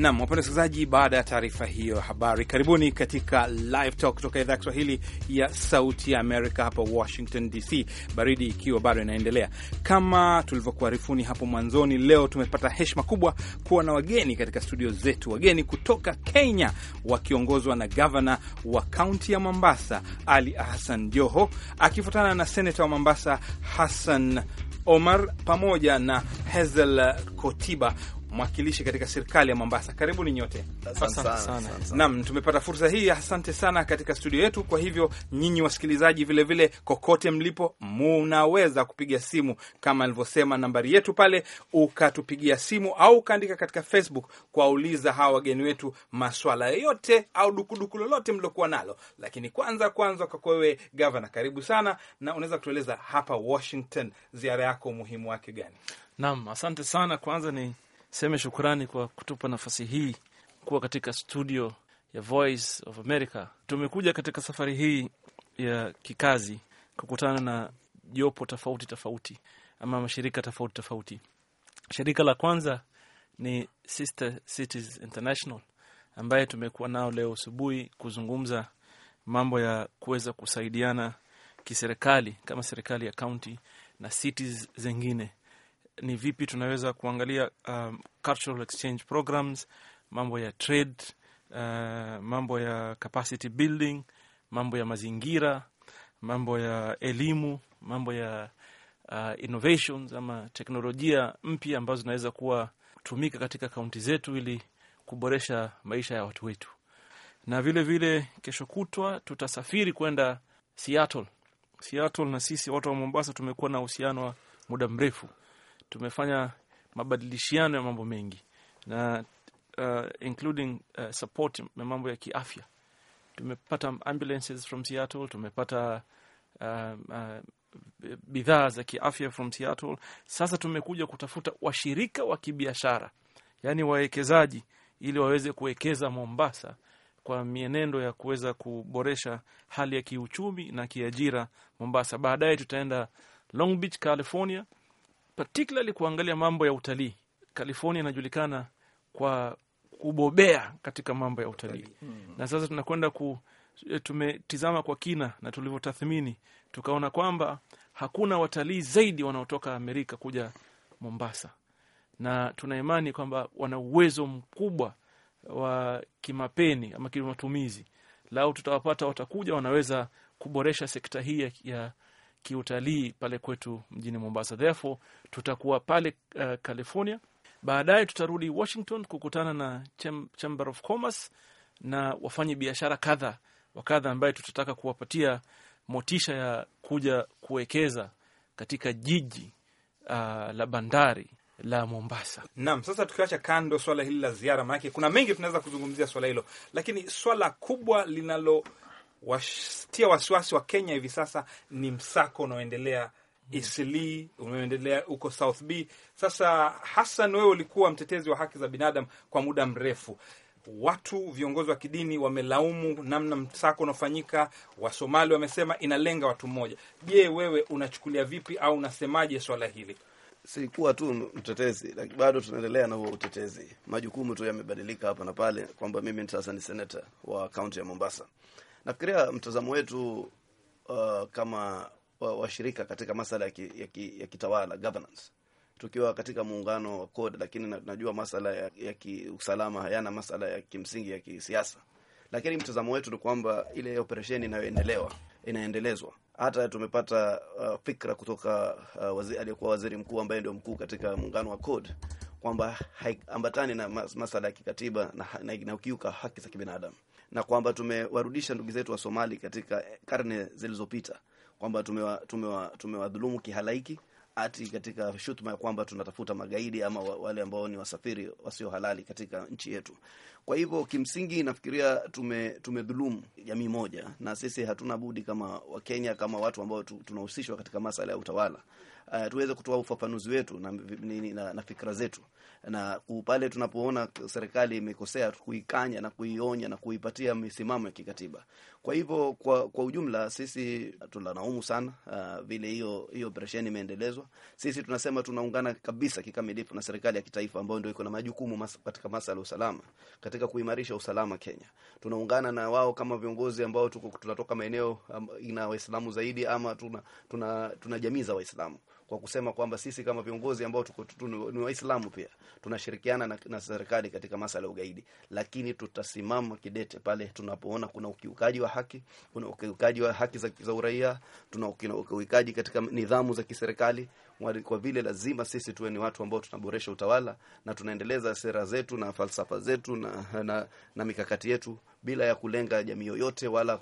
Nam, wapenda wasikilizaji, baada ya taarifa hiyo ya habari, karibuni katika Live Talk kutoka idhaa ya Kiswahili ya Sauti ya Amerika hapa Washington DC, baridi ikiwa bado inaendelea. Kama tulivyokuarifuni hapo mwanzoni, leo tumepata heshima kubwa kuwa na wageni katika studio zetu, wageni kutoka Kenya wakiongozwa na gavana wa kaunti ya Mombasa Ali Hassan Joho akifuatana na seneta wa Mombasa Hassan Omar pamoja na Hezel Kotiba mwakilishi katika serikali ya Mombasa. ni nyote, asante sana, Naam, tumepata fursa hii, asante sana katika studio yetu. Kwa hivyo nyinyi wasikilizaji vilevile vile, kokote mlipo, munaweza kupiga simu kama alivyosema nambari yetu pale, ukatupigia simu au ukaandika katika Facebook kuwauliza hawa wageni wetu maswala yote au dukuduku lolote mliokuwa nalo. Lakini kwanza kwanza, kwa wewe gavana, karibu sana, na unaweza kutueleza hapa Washington ziara yako umuhimu wake gani? Naam, asante sana. Kwanza ni seme shukrani kwa kutupa nafasi hii kuwa katika studio ya Voice of America. Tumekuja katika safari hii ya kikazi kukutana na jopo tofauti tofauti ama mashirika tofauti tofauti. Shirika la kwanza ni Sister Cities International ambaye tumekuwa nao leo asubuhi kuzungumza mambo ya kuweza kusaidiana kiserikali kama serikali ya kaunti na cities zingine ni vipi tunaweza kuangalia um, cultural exchange programs, mambo ya trade, uh, mambo ya capacity building, mambo ya mazingira, mambo ya elimu, mambo ya uh, innovations ama teknolojia mpya ambazo zinaweza kuwa tumika katika kaunti zetu ili kuboresha maisha ya watu wetu. Na vile vile kesho kutwa tutasafiri kwenda Seattle. Seattle na sisi watu wa Mombasa tumekuwa na uhusiano wa muda mrefu tumefanya mabadilishiano ya mambo mengi na uh, including uh, support mambo ya kiafya. Tumepata ambulances from Seattle, tumepata uh, uh, bidhaa za kiafya from Seattle. Sasa tumekuja kutafuta washirika wa kibiashara, yani wawekezaji, ili waweze kuwekeza Mombasa kwa mienendo ya kuweza kuboresha hali ya kiuchumi na kiajira Mombasa. Baadaye tutaenda Long Beach, California particularly kuangalia mambo ya utalii. California inajulikana kwa kubobea katika mambo ya utalii mm. Na sasa tunakwenda ku, eh, tumetizama kwa kina na tulivyotathmini tukaona kwamba hakuna watalii zaidi wanaotoka Amerika kuja Mombasa, na tunaimani kwamba wana uwezo mkubwa wa kimapeni ama kimatumizi. Lau tutawapata watakuja, wanaweza kuboresha sekta hii ya kiutalii pale kwetu mjini Mombasa. Therefore tutakuwa pale uh, California, baadaye tutarudi Washington kukutana na Chamber of Commerce na wafanye biashara kadha wa kadha, ambaye tutataka kuwapatia motisha ya kuja kuwekeza katika jiji uh, la bandari la Mombasa. Naam, sasa tukiacha kando swala hili la ziara, maanake kuna mengi tunaweza kuzungumzia swala hilo, lakini swala kubwa linalo watia wasiwasi wa Kenya hivi sasa ni msako unaoendelea Isili mm. umeendelea huko South B. Sasa Hassan, wewe ulikuwa mtetezi wa haki za binadamu kwa muda mrefu. Watu viongozi wa kidini wamelaumu namna msako unaofanyika. Wasomali wamesema inalenga watu mmoja. Je, wewe unachukulia vipi au unasemaje swala hili? Sikuwa tu mtetezi, lakini bado tunaendelea na huo utetezi. Majukumu tu yamebadilika hapa na pale, kwamba mimi sasa ni seneta wa kaunti ya Mombasa Nafikiria mtazamo wetu uh, kama washirika wa katika masala ya, ki, ya, ki, ya kitawala governance, tukiwa katika muungano wa CORD, lakini najua masala ya, ya kiusalama hayana masala ya kimsingi ya kisiasa, lakini mtazamo wetu ni kwamba ile operesheni inayoendelewa inaendelezwa hata tumepata uh, fikra kutoka uh, wazi, aliyekuwa waziri mkuu ambaye ndio mkuu katika muungano wa CORD kwamba haiambatani na masala ya kikatiba na, na, na, na ukiuka haki za kibinadamu na kwamba tumewarudisha ndugu zetu wa Somali katika karne zilizopita, kwamba tumewadhulumu tumewa, tumewa kihalaiki ati katika shutuma ya kwamba tunatafuta magaidi ama wale ambao ni wasafiri wasio halali katika nchi yetu. Kwa hivyo kimsingi, nafikiria tume tumedhulumu jamii moja, na sisi hatuna budi kama Wakenya, kama watu ambao tunahusishwa katika masala ya utawala uh, tuweze kutoa ufafanuzi wetu na, na, na fikra zetu, na pale tunapoona serikali imekosea kuikanya na kuionya na kuipatia misimamo ya kikatiba. Kwa hivyo kwa, kwa ujumla sisi tunalaumu sana uh, vile hiyo hiyo operesheni imeendelezwa. Sisi tunasema tunaungana kabisa kikamilifu na serikali ya kitaifa ambayo ndio iko na majukumu mas, katika masala ya usalama, katika kuimarisha usalama Kenya. Tunaungana na wao kama viongozi ambao tuko tunatoka maeneo um, ina Waislamu zaidi ama tuna tuna, tuna jamii za Waislamu kwa kusema kwamba sisi kama viongozi ambao tuko ni Waislamu pia tunashirikiana na, na serikali katika masala ya ugaidi, lakini tutasimama kidete pale tunapoona kuna ukiukaji wa haki, kuna ukiukaji wa haki za, za uraia, tuna ukiukaji katika nidhamu za kiserikali kwa vile lazima sisi tuwe ni watu ambao tunaboresha utawala na tunaendeleza sera zetu na falsafa zetu na, na, na mikakati yetu bila ya kulenga jamii yoyote wala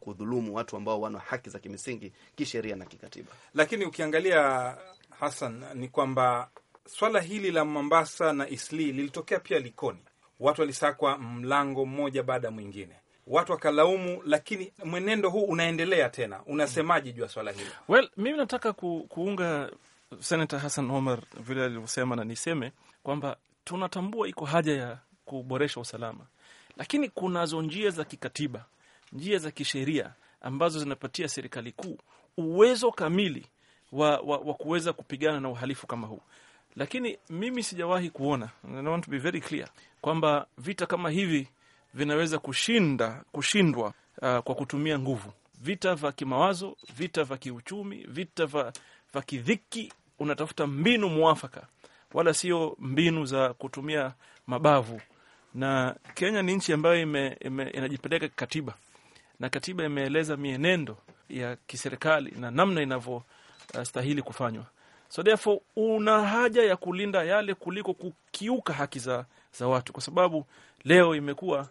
kudhulumu watu ambao wana haki za kimisingi kisheria na kikatiba. Lakini ukiangalia Hassan, ni kwamba swala hili la Mombasa na Isli lilitokea pia Likoni, watu walisakwa mlango mmoja baada ya mwingine watu wakalaumu, lakini mwenendo huu unaendelea tena. Unasemaje juu ya swala hilo? Well, mimi nataka ku, kuunga Senata Hassan Omar vile alivyosema, na niseme kwamba tunatambua iko haja ya kuboresha usalama, lakini kunazo njia za kikatiba, njia za kisheria ambazo zinapatia serikali kuu uwezo kamili wa, wa, wa kuweza kupigana na uhalifu kama huu. Lakini mimi sijawahi kuona, I want to be very clear, kwamba vita kama hivi vinaweza kushinda kushindwa uh, kwa kutumia nguvu, vita vya kimawazo, vita vya kiuchumi, vita vya kidhiki. Unatafuta mbinu mwafaka, wala sio mbinu za kutumia mabavu. Na Kenya ni nchi ambayo ime, ime, inajipeleka katiba na katiba imeeleza mienendo ya kiserikali na namna inavyostahili uh, kufanywa. So therefore una haja ya kulinda yale kuliko kukiuka haki za, za watu, kwa sababu leo imekuwa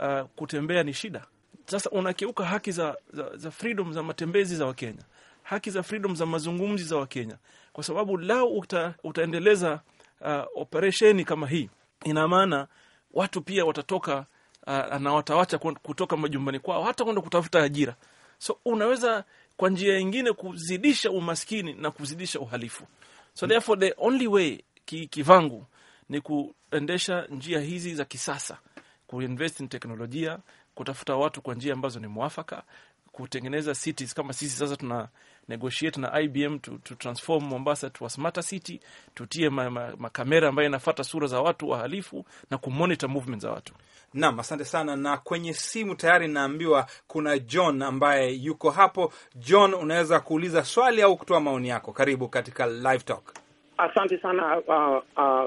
uh, kutembea ni shida. Sasa unakiuka haki za, za, za freedom za matembezi za Wakenya, haki za freedom za mazungumzi za Wakenya, kwa sababu lao uta, utaendeleza uh, operesheni kama hii, ina maana watu pia watatoka uh, na watawacha kutoka majumbani kwao hata kwenda kutafuta ajira. So unaweza kwa njia ingine kuzidisha umaskini na kuzidisha uhalifu. So therefore the only way ki, kivangu ni kuendesha njia hizi za kisasa kuinvest in teknolojia, kutafuta watu kwa njia ambazo ni mwafaka, kutengeneza cities kama sisi sasa tuna negotiate na IBM to, to transform Mombasa to a smarter city, tutie makamera ma, ma ambayo inafata sura za watu wahalifu na kumonitor movement za watu. Naam, asante sana. Na kwenye simu tayari naambiwa kuna John ambaye yuko hapo. John, unaweza kuuliza swali au kutoa maoni yako. Karibu katika live talk. Asante sana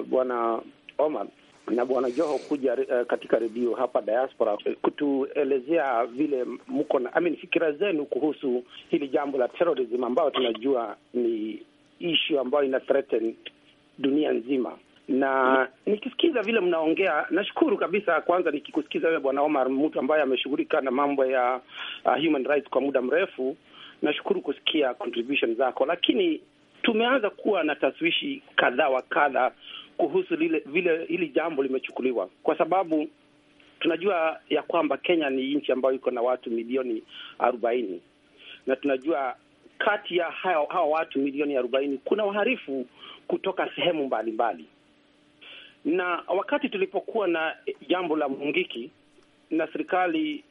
bwana uh, uh, uh Omar na Bwana Joho kuja uh, katika redio hapa diaspora eh, kutuelezea vile mko na mean, fikira zenu kuhusu hili jambo la terrorism ambayo tunajua ni ishu ambayo ina threaten dunia nzima na nikisikiza vile mnaongea, nashukuru kabisa. Kwanza nikikusikiza wewe Bwana Omar, mtu ambaye ameshughulika na mambo ya uh, human rights kwa muda mrefu, nashukuru kusikia contribution zako, lakini tumeanza kuwa na taswishi kadha wa kadha kuhusu lile vile hili jambo limechukuliwa, kwa sababu tunajua ya kwamba Kenya ni nchi ambayo iko na watu milioni arobaini na tunajua kati ya hawa, hawa watu milioni arobaini kuna waharifu kutoka sehemu mbalimbali mbali. Na wakati tulipokuwa na jambo la Mungiki na serikali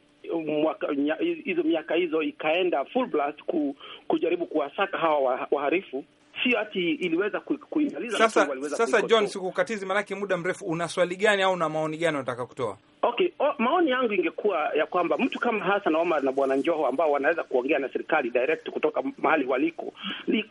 hizo miaka hizo ikaenda full blast ku, kujaribu kuwasaka hawa waharifu sio ati iliweza kuimaliza. Sasa, sasa John, sikukatizi maanake muda mrefu, una swali gani au una maoni gani unataka kutoa? Okay, o, maoni yangu ingekuwa ya kwamba mtu kama Hassan Omar na bwana Njoho ambao wanaweza kuongea na serikali direct kutoka mahali waliko,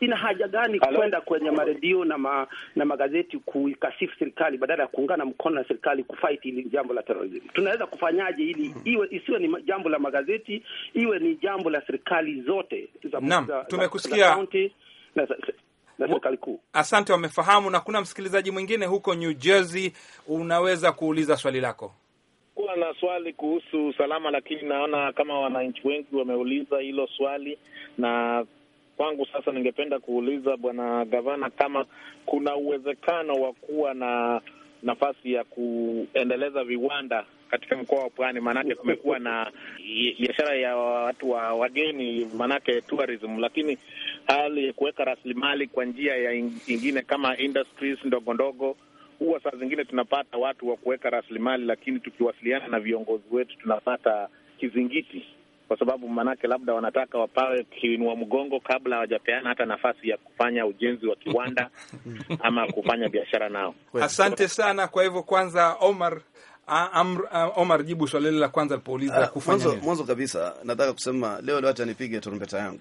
ina haja gani kwenda kwenye maredio na, ma, na magazeti kuikasifu serikali badala ya kuungana mkono na serikali kufight ili jambo la terrorism? Tunaweza kufanyaje ili hmm. iwe isiwe ni jambo la magazeti, iwe ni jambo la serikali zote za, naam, tumekusikia za county na na serikali kuu. Asante, wamefahamu. Na kuna msikilizaji mwingine huko New Jersey, unaweza kuuliza swali lako. Kuwa na swali kuhusu usalama, lakini naona kama wananchi wengi wameuliza hilo swali, na kwangu sasa ningependa kuuliza bwana gavana kama kuna uwezekano wa kuwa na nafasi ya kuendeleza viwanda katika mkoa wa Pwani, maanake kumekuwa na biashara ya watu wa wageni, maanake tourism, lakini hali ya kuweka rasilimali kwa njia ya ingine kama industries ndogo ndogo huwa saa zingine tunapata watu wa kuweka rasilimali, lakini tukiwasiliana na viongozi wetu tunapata kizingiti, kwa sababu maanake labda wanataka wapawe kiinua mgongo kabla hawajapeana hata nafasi ya kufanya ujenzi wa kiwanda ama kufanya biashara nao. Asante sana. Kwa hivyo kwanza, Omar Omar, jibu swali lile la kwanza alipouliza ah, kufanya nini. Mwanzo kabisa nataka kusema leo leo hata nipige tarumbeta yangu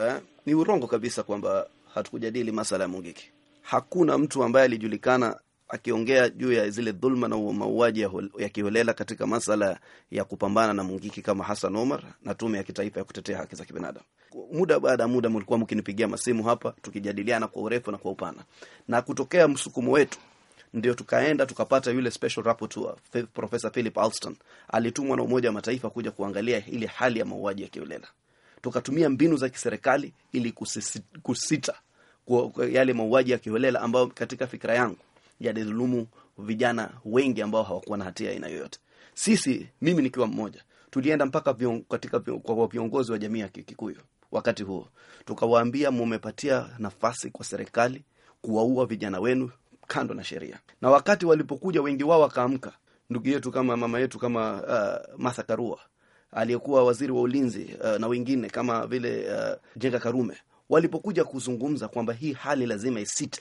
eh? Ni urongo kabisa kwamba hatukujadili masala ya Mungiki. Hakuna mtu ambaye alijulikana akiongea juu ya zile dhulma na mauaji ya, ya kiholela katika masala ya kupambana na Mungiki kama Hassan Omar na Tume ya Kitaifa ya Kutetea Haki za Kibinadamu. Muda baada ya muda mlikuwa mkinipigia masimu hapa tukijadiliana kwa urefu na kwa upana, na kutokea msukumo wetu ndio tukaenda tukapata yule special rapporteur Professor Philip Alston alitumwa na Umoja wa Mataifa kuja kuangalia ile hali ya mauaji ya kiolela. Tukatumia mbinu za kiserikali ili kusisi, kusita kwa yale mauaji ya kiholela ambayo katika fikra yangu yalidhulumu vijana wengi ambao hawakuwa na hatia aina yoyote. Sisi, mimi nikiwa mmoja, tulienda mpaka vion, katika vion, kwa viongozi wa jamii ya Kikuyu wakati huo, tukawaambia mumepatia nafasi kwa serikali kuwaua vijana wenu kando na sheria. Na wakati walipokuja wengi wao wakaamka, ndugu yetu kama mama yetu kama uh, Martha Karua aliyekuwa waziri wa ulinzi uh, na wengine kama vile uh, Jenga Karume walipokuja kuzungumza kwamba hii hali lazima isite,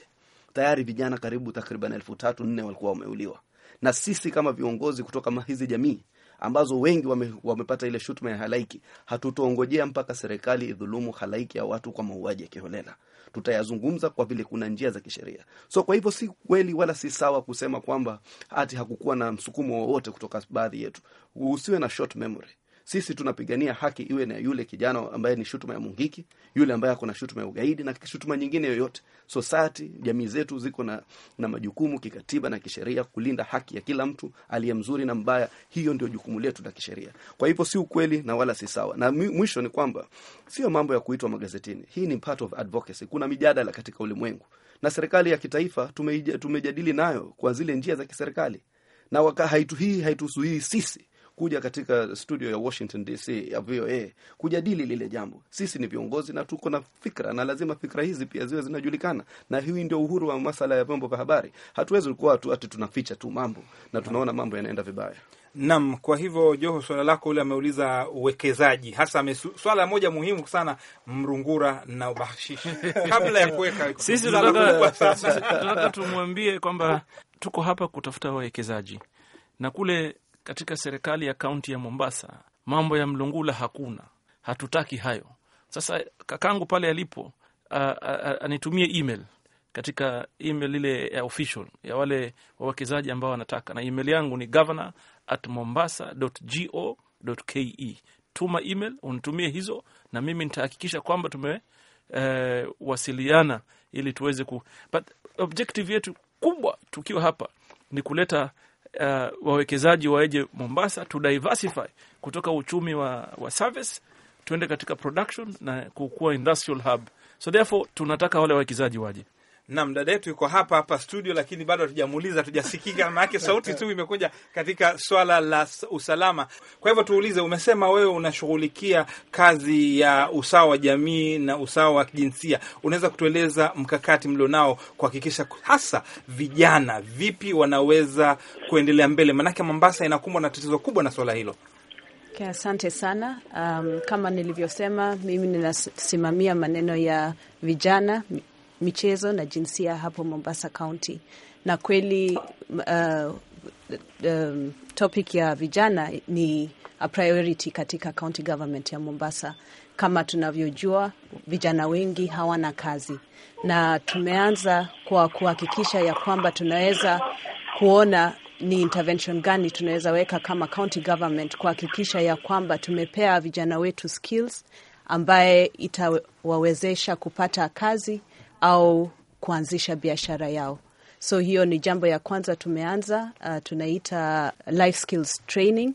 tayari vijana karibu takriban elfu tatu nne walikuwa wameuliwa, na sisi kama viongozi kutoka hizi jamii ambazo wengi wame, wamepata ile shutuma ya halaiki. hatutoongojea mpaka serikali idhulumu halaiki ya watu kwa mauaji ya kiholela, tutayazungumza kwa vile kuna njia za kisheria. So kwa hivyo si kweli wala si sawa kusema kwamba hati hakukuwa na msukumo wowote kutoka baadhi yetu. Usiwe na short memory. Sisi tunapigania haki iwe na yule kijana ambaye ni shutuma ya mungiki, yule ambaye ako na shutuma ya ugaidi na shutuma nyingine yoyote. Society, jamii zetu ziko na, na majukumu kikatiba na kisheria kulinda haki ya kila mtu aliye mzuri na mbaya. Hiyo ndio jukumu letu la kisheria. Kwa hivyo si ukweli na wala si sawa. Na mwisho ni kwamba sio mambo ya kuitwa magazetini. Hii ni part of advocacy. Kuna mijadala katika ulimwengu na serikali ya kitaifa tumejadili nayo kwa zile njia za kiserikali na waka haitu hii haituzuii sisi kuja katika studio ya Washington DC ya VOA kujadili lile jambo. Sisi ni viongozi na tuko na fikra, na lazima fikra hizi pia ziwe zinajulikana, na hii ndio uhuru wa masala ya vyombo vya habari. Hatuwezi kuwa tu ati tunaficha tu mambo na tunaona mambo yanaenda vibaya. Naam, kwa hivyo Joho, swala lako ule ameuliza uwekezaji hasa swala moja muhimu sana, mrungura na ubashishi. Kabla ya kuweka sisi tunataka tumwambie kwamba tuko hapa kutafuta wawekezaji na kule katika serikali ya kaunti ya Mombasa, mambo ya mlungula hakuna, hatutaki hayo. Sasa kakangu pale alipo anitumie email katika email ile ya official ya wale wawekezaji ambao wanataka, na email yangu ni governor at ke. Tuma email unitumie hizo, na mimi nitahakikisha kwamba tumewasiliana e, eh, ili tuweze ku but objective yetu kubwa tukiwa hapa ni kuleta uh, wawekezaji waeje Mombasa tu diversify kutoka uchumi wa, wa service tuende katika production na kukuwa industrial hub. So therefore tunataka wale wawekezaji waje Nam, dada yetu yuko hapa hapa studio, lakini bado hatujamuuliza, hatujasikika maanake sauti tu imekuja katika swala la usalama. Kwa hivyo tuulize, umesema wewe unashughulikia kazi ya usawa wa jamii na usawa wa kijinsia, unaweza kutueleza mkakati mlionao kuhakikisha hasa vijana vipi wanaweza kuendelea mbele? Maanake Mombasa inakumbwa na tatizo kubwa na swala hilo. Asante sana. Um, kama nilivyosema, mimi ninasimamia maneno ya vijana michezo na jinsia hapo Mombasa County, na kweli uh, um, topic ya vijana ni a priority katika county government ya Mombasa. Kama tunavyojua, vijana wengi hawana kazi, na tumeanza kwa kuhakikisha ya kwamba tunaweza kuona ni intervention gani tunaweza weka kama county government kuhakikisha ya kwamba tumepea vijana wetu skills ambaye itawawezesha kupata kazi au kuanzisha biashara yao. So hiyo ni jambo ya kwanza tumeanza, uh, tunaita life skills training,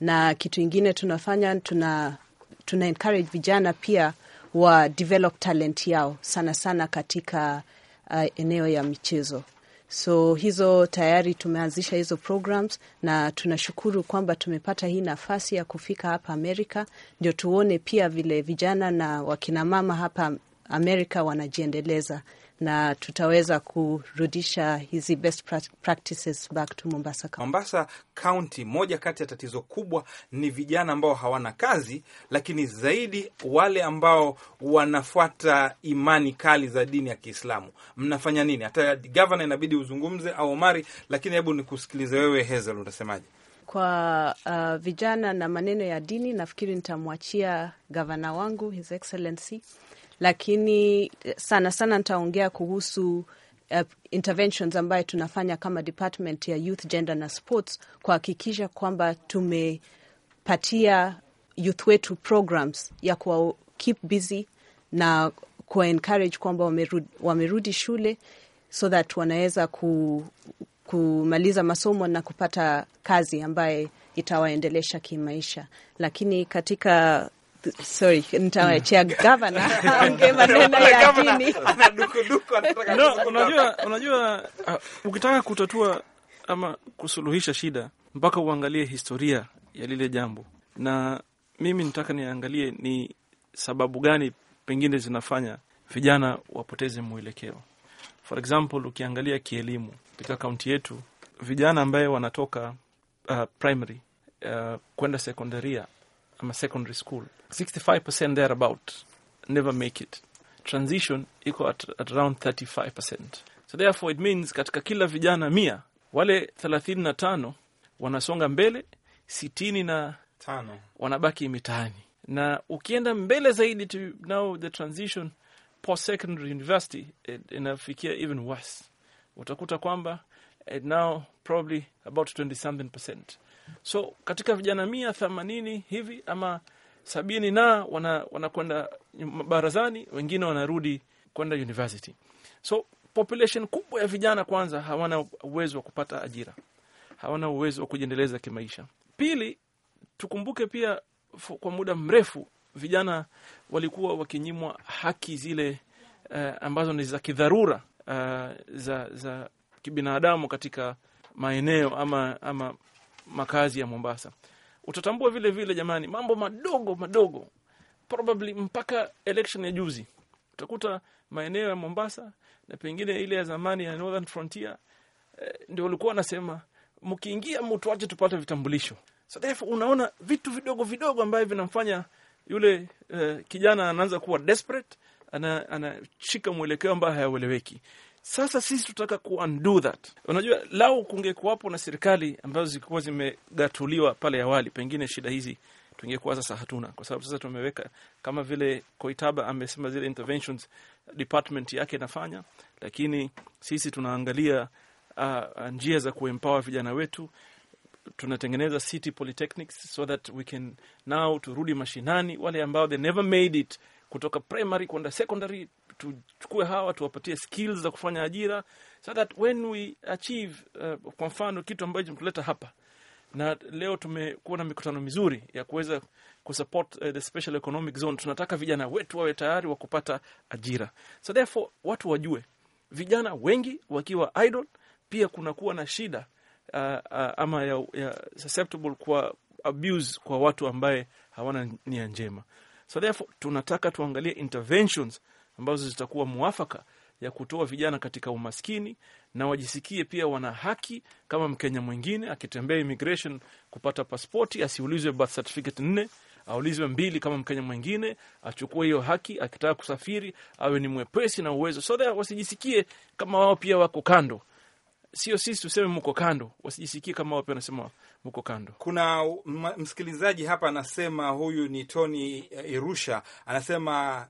na kitu ingine tunafanya tuna, tuna encourage vijana pia wa develop talent yao sana sana katika uh, eneo ya michezo. So hizo tayari tumeanzisha hizo programs, na tunashukuru kwamba tumepata hii nafasi ya kufika hapa Amerika, ndio tuone pia vile vijana na wakinamama hapa Amerika wanajiendeleza na tutaweza kurudisha hizi best practices back to Mombasa County. Mombasa County, moja kati ya tatizo kubwa ni vijana ambao hawana kazi, lakini zaidi wale ambao wanafuata imani kali za dini ya Kiislamu. Mnafanya nini? Hata gavana inabidi uzungumze au Omari, lakini hebu nikusikilize wewe hezel utasemaje? Kwa uh, vijana na maneno ya dini, nafikiri nitamwachia gavana wangu His Excellency lakini eh, sana sana nitaongea kuhusu uh, interventions ambayo tunafanya kama department ya youth gender na sports kuhakikisha kwamba tumepatia youth wetu programs ya kuwa keep busy na kuwa encourage kwamba wamerudi, wamerudi shule so that wanaweza ku, kumaliza masomo na kupata kazi ambaye itawaendelesha kimaisha. Lakini katika sorry, nitawachia gavana maneno ya dini. unajua, unajua uh, ukitaka kutatua ama kusuluhisha shida mpaka uangalie historia ya lile jambo, na mimi nitaka niangalie ni sababu gani pengine zinafanya vijana wapoteze mwelekeo. For example, ukiangalia kielimu katika kaunti yetu, vijana ambaye wanatoka uh, primary uh, kwenda sekondaria ama secondary school 65% thereabout never make it transition iko at, at around 35% so therefore it means katika kila vijana mia wale 35 wanasonga mbele sitini na tano wanabaki mitaani na ukienda mbele zaidi to now the transition post secondary university inafikia even worse utakuta kwamba eh, now probably about 20 something percent So katika vijana mia themanini hivi ama sabini na wanakwenda wana barazani, wengine wanarudi kwenda university. So population kubwa ya vijana kwanza hawana uwezo wa kupata ajira, hawana uwezo wa kujiendeleza kimaisha. Pili, tukumbuke pia kwa muda mrefu vijana walikuwa wakinyimwa haki zile uh, ambazo ni za kidharura uh, za, za kibinadamu katika maeneo ama, ama makazi ya Mombasa. Utatambua vile vile, jamani, mambo madogo madogo, probably mpaka election ya juzi utakuta maeneo ya Mombasa na pengine ile ya zamani ya Northern Frontier eh, ndio walikuwa wanasema mkiingia mtuache tupate vitambulisho. So therefore unaona vitu vidogo vidogo ambavyo vinamfanya yule eh, kijana anaanza kuwa desperate, anashika ana mwelekeo ambayo hayaueleweki. Sasa sisi tunataka kuundo that. Unajua, lau kungekuwapo na serikali ambazo zilikuwa zimegatuliwa pale awali, pengine shida hizi tungekuwa sasa hatuna, kwa sababu sasa tumeweka kama vile Koitaba amesema zile interventions department yake inafanya, lakini sisi tunaangalia uh, uh, njia za kuempower vijana wetu. Tunatengeneza city polytechnics so that we can now turudi mashinani wale ambao they never made it kutoka primary kwenda secondary tuchukue hawa tuwapatie skills za kufanya ajira, so that when we achieve uh, kwa mfano kitu ambacho kimetuleta hapa na leo tumekuwa na mikutano mizuri ya kuweza kusupport uh, the special economic zone. Tunataka vijana wetu wawe tayari wa kupata ajira, so therefore watu wajue, vijana wengi wakiwa idle, pia kunakuwa na shida uh, uh, ama ya, ya susceptible kwa abuse kwa watu ambaye hawana nia njema, so therefore tunataka tuangalie interventions ambazo zitakuwa mwafaka ya kutoa vijana katika umaskini na wajisikie pia wana haki kama Mkenya mwingine akitembea immigration kupata paspoti, asiulizwe birth certificate nne, aulizwe mbili kama Mkenya mwingine, achukue hiyo haki. Akitaka kusafiri awe ni mwepesi na uwezo, so wasijisikie kama wao pia wako kando. Sio sisi tuseme mko kando, wasijisikie kama wao pia wanasema mko kando. Kuna msikilizaji hapa anasema, huyu ni Tony eh, Irusha anasema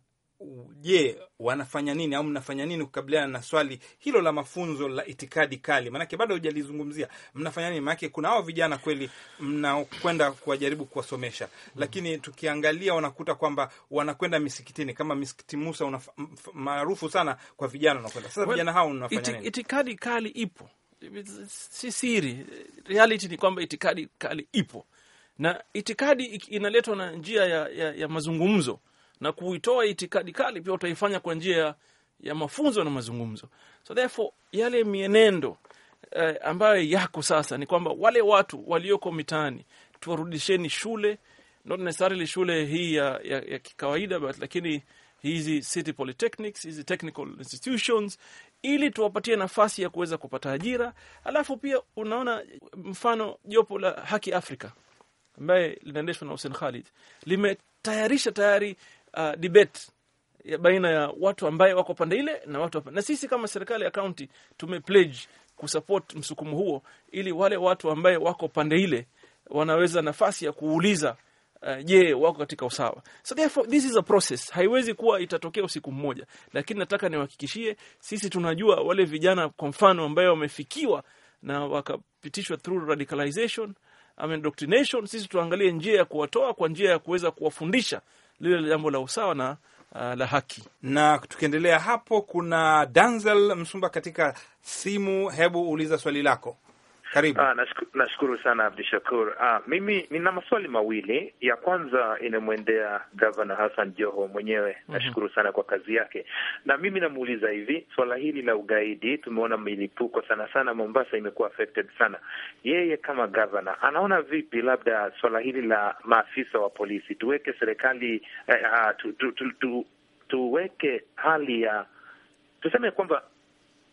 Je, wanafanya nini au mnafanya nini kukabiliana na swali hilo la mafunzo la itikadi kali? Maanake bado hujalizungumzia, mnafanya nini? Maanake kuna hao vijana kweli mnakwenda kuwajaribu kuwasomesha, mm-hmm. lakini tukiangalia wanakuta kwamba wanakwenda misikitini kama misikiti Musa maarufu sana kwa vijana wanakwenda. Sasa well, vijana hao mnafanya nini? Itikadi kali ipo, si siri. Reality ni kwamba itikadi kali ipo na itikadi inaletwa na njia ya, ya, ya mazungumzo na kuitoa itikadi kali pia utaifanya kwa njia ya mafunzo na mazungumzo. So therefore yale mienendo eh, ambayo yako sasa ni kwamba wale watu walioko mitaani tuwarudisheni shule, not necessarily shule hii ya, ya, ya kikawaida but lakini hizi city polytechnics, hizi technical institutions ili tuwapatie nafasi ya kuweza kupata ajira. Alafu pia unaona mfano jopo la Haki Afrika ambaye linaendeshwa na Hussein Khalid limetayarisha tayari uh, debate ya baina ya watu ambaye wako pande ile na watu na sisi kama serikali ya county tume pledge kusupport msukumo huo, ili wale watu ambaye wako pande ile wanaweza nafasi ya kuuliza uh, je, uh, yeah, wako katika usawa. So therefore this is a process, haiwezi kuwa itatokea usiku mmoja, lakini nataka niwahakikishie, sisi tunajua wale vijana kwa mfano ambayo wamefikiwa na wakapitishwa through radicalization I mean, indoctrination. Sisi tuangalie njia ya kuwatoa kwa njia ya kuweza kuwafundisha lile jambo la usawa na uh, la haki. Na tukiendelea hapo, kuna Danzel Msumba katika simu. Hebu uliza swali lako. Karibu. Ah, nashukuru nashukuru sana Abdishakur. Ah, mimi nina maswali mawili. Ya kwanza inamwendea Gavana Hassan Joho mwenyewe. Mhm. Nashukuru sana kwa kazi yake, na mimi namuuliza hivi, swala hili la ugaidi, tumeona milipuko sana sana Mombasa imekuwa affected sana. Yeye kama gavana anaona vipi, labda swala hili la maafisa wa polisi, tuweke serikali eh, ah, tu, tu, tu, tu, tuweke hali ya tuseme kwamba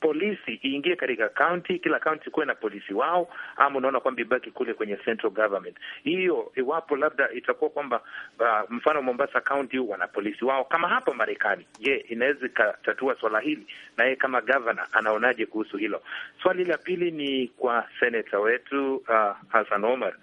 polisi iingie katika kaunti, kila kaunti kuwe na polisi wao, ama unaona kwamba ibaki kule kwenye central government hiyo. Iwapo labda itakuwa kwamba uh, mfano Mombasa kaunti wana polisi wao kama hapa Marekani, je, inaweza ikatatua swala hili? Na yeye kama gavana anaonaje kuhusu hilo? Swali la pili ni kwa seneta wetu uh, Hassan Omar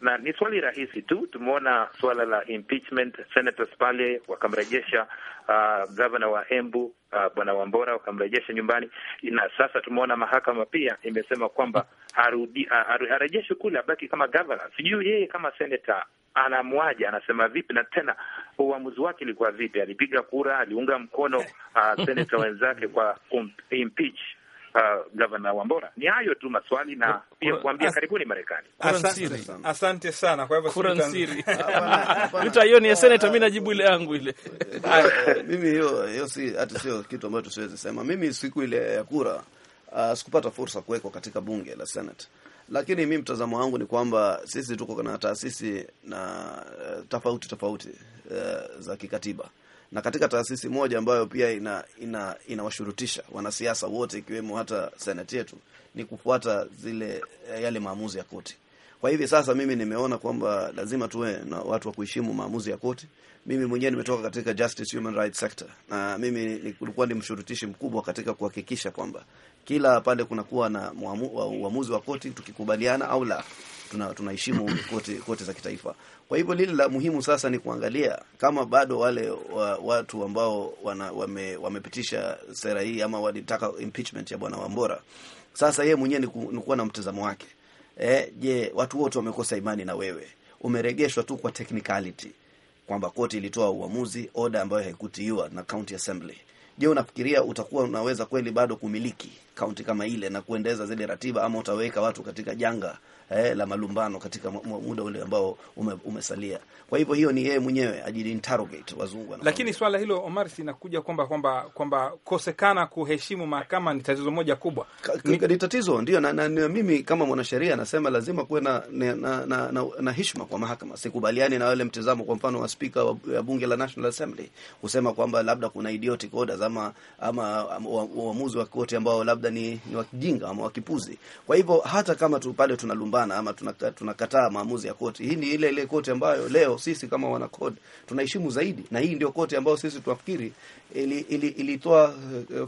na ni swali rahisi tu. Tumeona suala la impeachment, senators pale wakamrejesha uh, gavana wa Embu uh, bwana Wambora wakamrejesha nyumbani, na sasa tumeona mahakama pia imesema kwamba arudi uh, arejeshwe kule, abaki kama gavana. Sijui yeye kama senator anamwaja anasema vipi, na tena uamuzi wake ilikuwa vipi? Alipiga kura, aliunga mkono uh, senata wenzake kwa um, impeach uh, gavana Wambora. Ni hayo tu maswali na pia kuambia karibuni Marekani. Asante, asante sana. Kwa hivyo kura nsiri hiyo ni seneta, mimi najibu ile yangu ile eh, eh, mimi hiyo hiyo, si hata sio kitu ambacho siwezi sema mimi. Siku ile ya kura uh, sikupata fursa kuwekwa katika bunge la Senate lakini mi mtazamo wangu ni kwamba sisi tuko na taasisi na eh, tofauti tofauti uh, za kikatiba na katika taasisi moja ambayo pia ina ina inawashurutisha wanasiasa wote ikiwemo hata senati yetu ni kufuata zile eh, yale maamuzi ya koti. Kwa hivi sasa mimi nimeona kwamba lazima tuwe na watu wa kuheshimu maamuzi ya koti. Mimi mwenyewe nimetoka katika justice human rights sector, na mimi nilikuwa ni mshurutishi mkubwa katika kuhakikisha kwamba kila pale kunakuwa na uamuzi wa koti, tukikubaliana au la, tunaheshimu tuna kote, kote za kitaifa. Kwa hivyo lile la muhimu sasa ni kuangalia kama bado wale wa, watu ambao wamepitisha wame, sera hii ama walitaka impeachment ya bwana Wambora, sasa yeye mwenyewe ni kuwa na mtazamo wake. Eh, je, watu wote wamekosa imani na wewe? Umeregeshwa tu kwa technicality kwamba koti ilitoa uamuzi oda ambayo haikutiiwa na county assembly. Je, unafikiria utakuwa unaweza kweli bado kumiliki kaunti kama ile na kuendeza zile ratiba ama utaweka watu katika janga eh, la malumbano katika muda ule ambao ume, umesalia. Kwa hivyo hiyo ni yeye mwenyewe ajili interrogate wazungu. Lakini swala hilo Omar, sinakuja kwamba kwamba kwamba kosekana kuheshimu mahakama ni tatizo moja kubwa, ni tatizo ndio na, na, na, mimi kama mwanasheria nasema lazima kuwe na, na, na, na, na na heshima kwa mahakama. Sikubaliani na wale mtizamo kwa mfano wa spika wa wa bunge la National Assembly kusema kwamba labda kuna idiotic orders ama ama uamuzi wa koti ambao labda ni, ni wakijinga ama wakipuzi. Kwa hivyo hata kama tu pale tunalumbana hapana, ama tunakataa tunakata maamuzi ya koti. Hii ni ile ile koti ambayo leo sisi kama wana wanakodi tunaheshimu zaidi, na hii ndio koti ambayo sisi tunafikiri ilitoa ili, ili eh, eh,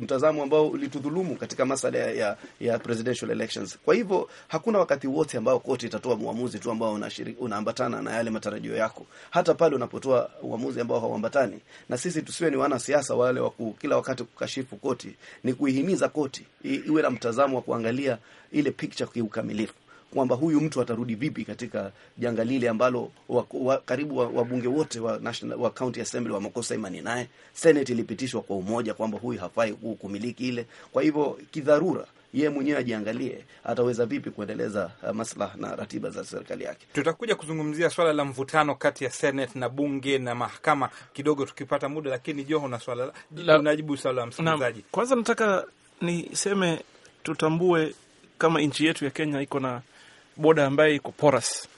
mtazamo ambao ulitudhulumu katika masala ya, ya ya presidential elections. Kwa hivyo hakuna wakati wote ambao koti itatoa muamuzi tu ambao unaambatana na yale matarajio yako, hata pale unapotoa uamuzi ambao hauambatani na sisi. Tusiwe ni wanasiasa wale wa kila wakati kukashifu koti, ni kuihimiza koti iwe na mtazamo wa kuangalia ile picture kiukamilifu kwamba huyu mtu atarudi vipi katika janga lile ambalo wa, wa, karibu wabunge wa wote wa national wa county assembly wamekosa imani naye. Senate ilipitishwa kwa umoja kwamba huyu hafai kumiliki ile. Kwa hivyo kidharura ye mwenyewe ajiangalie ataweza vipi kuendeleza uh, maslaha na ratiba za serikali yake. Tutakuja kuzungumzia swala la mvutano kati ya senate na bunge na mahakama kidogo tukipata muda, lakini Joho na swala la, unajibu swala la msikilizaji. Kwanza nataka niseme tutambue kama nchi yetu ya Kenya iko na boda ambaye iko porous